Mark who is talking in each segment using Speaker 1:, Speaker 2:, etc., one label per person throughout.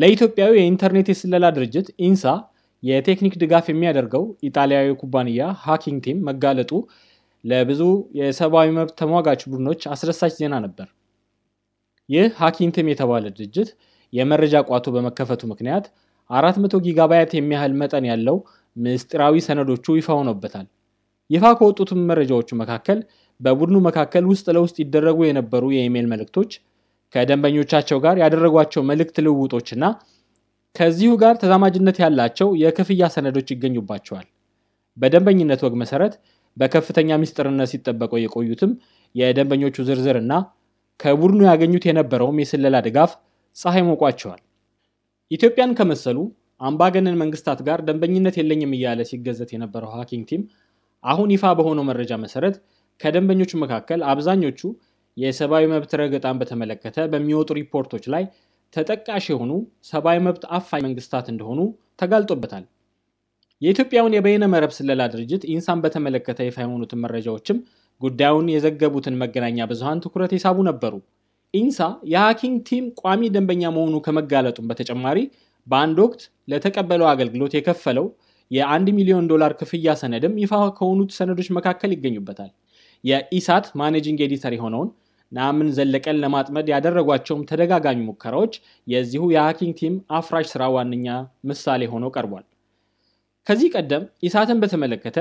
Speaker 1: ለኢትዮጵያዊ የኢንተርኔት የስለላ ድርጅት ኢንሳ የቴክኒክ ድጋፍ የሚያደርገው ኢጣሊያዊ ኩባንያ ሃኪንግ ቲም መጋለጡ ለብዙ የሰብአዊ መብት ተሟጋች ቡድኖች አስደሳች ዜና ነበር። ይህ ሃኪንግ ቲም የተባለ ድርጅት የመረጃ ቋቱ በመከፈቱ ምክንያት 400 ጊጋባይት የሚያህል መጠን ያለው ምስጢራዊ ሰነዶቹ ይፋ ሆኖበታል። ይፋ ከወጡትም መረጃዎቹ መካከል በቡድኑ መካከል ውስጥ ለውስጥ ይደረጉ የነበሩ የኢሜይል መልእክቶች፣ ከደንበኞቻቸው ጋር ያደረጓቸው መልእክት ልውውጦችና ከዚሁ ጋር ተዛማጅነት ያላቸው የክፍያ ሰነዶች ይገኙባቸዋል። በደንበኝነት ወግ መሰረት በከፍተኛ ሚስጥርነት ሲጠበቀው የቆዩትም የደንበኞቹ ዝርዝር እና ከቡድኑ ያገኙት የነበረውም የስለላ ድጋፍ ፀሐይ ሞቋቸዋል። ኢትዮጵያን ከመሰሉ አምባገነን መንግስታት ጋር ደንበኝነት የለኝም እያለ ሲገዘት የነበረው ሀኪንግ ቲም አሁን ይፋ በሆነው መረጃ መሰረት ከደንበኞቹ መካከል አብዛኞቹ የሰብአዊ መብት ረገጣን በተመለከተ በሚወጡ ሪፖርቶች ላይ ተጠቃሽ የሆኑ ሰብአዊ መብት አፋኝ መንግስታት እንደሆኑ ተጋልጦበታል። የኢትዮጵያውን የበይነ መረብ ስለላ ድርጅት ኢንሳን በተመለከተ ይፋ የሆኑትን መረጃዎችም ጉዳዩን የዘገቡትን መገናኛ ብዙሀን ትኩረት የሳቡ ነበሩ። ኢንሳ የሀኪንግ ቲም ቋሚ ደንበኛ መሆኑ ከመጋለጡም በተጨማሪ በአንድ ወቅት ለተቀበለው አገልግሎት የከፈለው የአንድ ሚሊዮን ዶላር ክፍያ ሰነድም ይፋ ከሆኑት ሰነዶች መካከል ይገኙበታል። የኢሳት ማኔጂንግ ኤዲተር የሆነውን ናምን ዘለቀን ለማጥመድ ያደረጓቸውም ተደጋጋሚ ሙከራዎች የዚሁ የሀኪንግ ቲም አፍራሽ ስራ ዋነኛ ምሳሌ ሆኖ ቀርቧል። ከዚህ ቀደም ኢሳትን በተመለከተ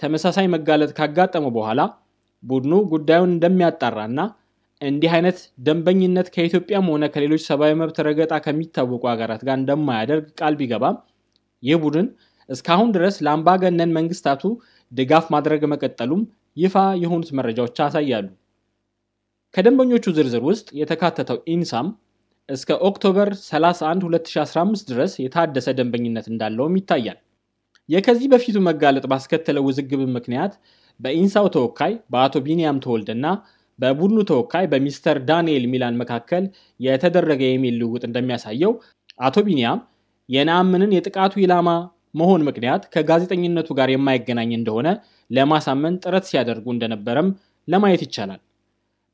Speaker 1: ተመሳሳይ መጋለጥ ካጋጠመው በኋላ ቡድኑ ጉዳዩን እንደሚያጣራ እና እንዲህ አይነት ደንበኝነት ከኢትዮጵያም ሆነ ከሌሎች ሰብአዊ መብት ረገጣ ከሚታወቁ ሀገራት ጋር እንደማያደርግ ቃል ቢገባም ይህ ቡድን እስካሁን ድረስ ለአምባገነን መንግስታቱ ድጋፍ ማድረግ መቀጠሉም ይፋ የሆኑት መረጃዎች ያሳያሉ። ከደንበኞቹ ዝርዝር ውስጥ የተካተተው ኢንሳም እስከ ኦክቶበር 31 2015 ድረስ የታደሰ ደንበኝነት እንዳለውም ይታያል። የከዚህ በፊቱ መጋለጥ ባስከተለው ውዝግብ ምክንያት በኢንሳው ተወካይ በአቶ ቢንያም ተወልደና በቡድኑ ተወካይ በሚስተር ዳንኤል ሚላን መካከል የተደረገ የሜል ልውውጥ እንደሚያሳየው አቶ ቢንያም የነአምንን የጥቃቱ ኢላማ መሆን ምክንያት ከጋዜጠኝነቱ ጋር የማይገናኝ እንደሆነ ለማሳመን ጥረት ሲያደርጉ እንደነበረም ለማየት ይቻላል።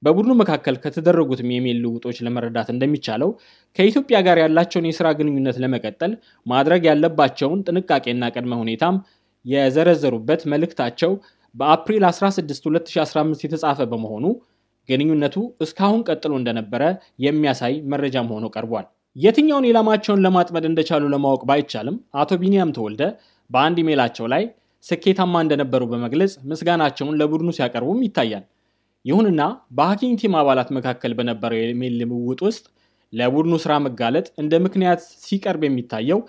Speaker 1: በቡድኑ መካከል ከተደረጉትም የሜል ልውጦች ለመረዳት እንደሚቻለው ከኢትዮጵያ ጋር ያላቸውን የስራ ግንኙነት ለመቀጠል ማድረግ ያለባቸውን ጥንቃቄና ቅድመ ሁኔታም የዘረዘሩበት መልእክታቸው በአፕሪል 16 2015 የተጻፈ በመሆኑ ግንኙነቱ እስካሁን ቀጥሎ እንደነበረ የሚያሳይ መረጃም ሆኖ ቀርቧል። የትኛውን ኢላማቸውን ለማጥመድ እንደቻሉ ለማወቅ ባይቻልም አቶ ቢኒያም ተወልደ በአንድ ኢሜላቸው ላይ ስኬታማ እንደነበሩ በመግለጽ ምስጋናቸውን ለቡድኑ ሲያቀርቡም ይታያል። ይሁንና በሀኪንግ ቲም አባላት መካከል በነበረው የሜል ልምውጥ ውስጥ ለቡድኑ ስራ መጋለጥ እንደ ምክንያት ሲቀርብ የሚታየው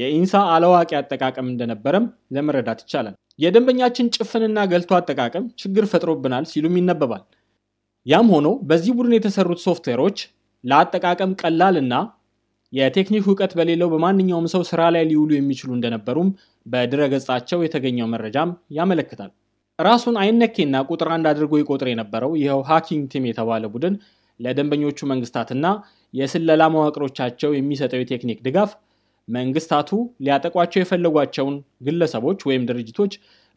Speaker 1: የኢንሳ አለዋቂ አጠቃቀም እንደነበረም ለመረዳት ይቻላል። የደንበኛችን ጭፍንና ገልቶ አጠቃቀም ችግር ፈጥሮብናል ሲሉም ይነበባል። ያም ሆኖ በዚህ ቡድን የተሰሩት ሶፍትዌሮች ለአጠቃቀም ቀላል እና የቴክኒክ እውቀት በሌለው በማንኛውም ሰው ስራ ላይ ሊውሉ የሚችሉ እንደነበሩም በድረገጻቸው የተገኘው መረጃም ያመለክታል። ራሱን አይነኬና ቁጥር አንድ አድርጎ ይቆጥር የነበረው ይኸው ሃኪንግ ቲም የተባለ ቡድን ለደንበኞቹ መንግስታትና የስለላ መዋቅሮቻቸው የሚሰጠው የቴክኒክ ድጋፍ መንግስታቱ ሊያጠቋቸው የፈለጓቸውን ግለሰቦች ወይም ድርጅቶች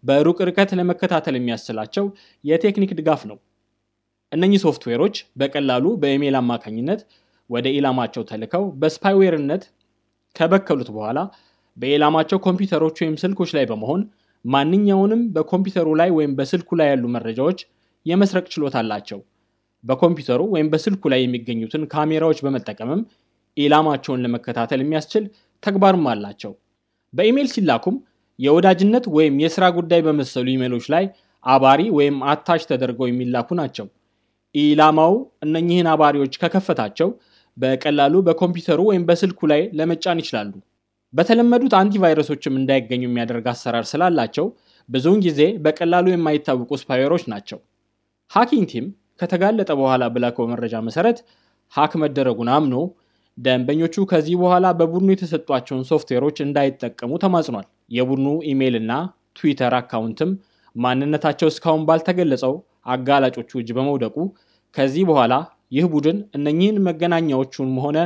Speaker 1: በሩቅ ርቀት ለመከታተል የሚያስችላቸው የቴክኒክ ድጋፍ ነው። እነኚህ ሶፍትዌሮች በቀላሉ በኢሜይል አማካኝነት ወደ ኢላማቸው ተልከው በስፓይዌርነት ከበከሉት በኋላ በኢላማቸው ኮምፒውተሮች ወይም ስልኮች ላይ በመሆን ማንኛውንም በኮምፒውተሩ ላይ ወይም በስልኩ ላይ ያሉ መረጃዎች የመስረቅ ችሎታ አላቸው። በኮምፒውተሩ ወይም በስልኩ ላይ የሚገኙትን ካሜራዎች በመጠቀምም ኢላማቸውን ለመከታተል የሚያስችል ተግባርም አላቸው። በኢሜይል ሲላኩም የወዳጅነት ወይም የስራ ጉዳይ በመሰሉ ኢሜሎች ላይ አባሪ ወይም አታች ተደርገው የሚላኩ ናቸው። ኢላማው እነኚህን አባሪዎች ከከፈታቸው በቀላሉ በኮምፒውተሩ ወይም በስልኩ ላይ ለመጫን ይችላሉ። በተለመዱት አንቲቫይረሶችም እንዳይገኙ የሚያደርግ አሰራር ስላላቸው ብዙውን ጊዜ በቀላሉ የማይታወቁ ስፓይወሮች ናቸው። ሃኪንግ ቲም ከተጋለጠ በኋላ በላከው መረጃ መሰረት ሀክ መደረጉን አምኖ ደንበኞቹ ከዚህ በኋላ በቡድኑ የተሰጧቸውን ሶፍትዌሮች እንዳይጠቀሙ ተማጽኗል። የቡድኑ ኢሜይል እና ትዊተር አካውንትም ማንነታቸው እስካሁን ባልተገለጸው አጋላጮቹ እጅ በመውደቁ ከዚህ በኋላ ይህ ቡድን እነኚህን መገናኛዎቹንም ሆነ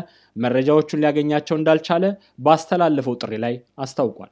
Speaker 1: መረጃዎቹን ሊያገኛቸው እንዳልቻለ ባስተላለፈው ጥሪ ላይ አስታውቋል።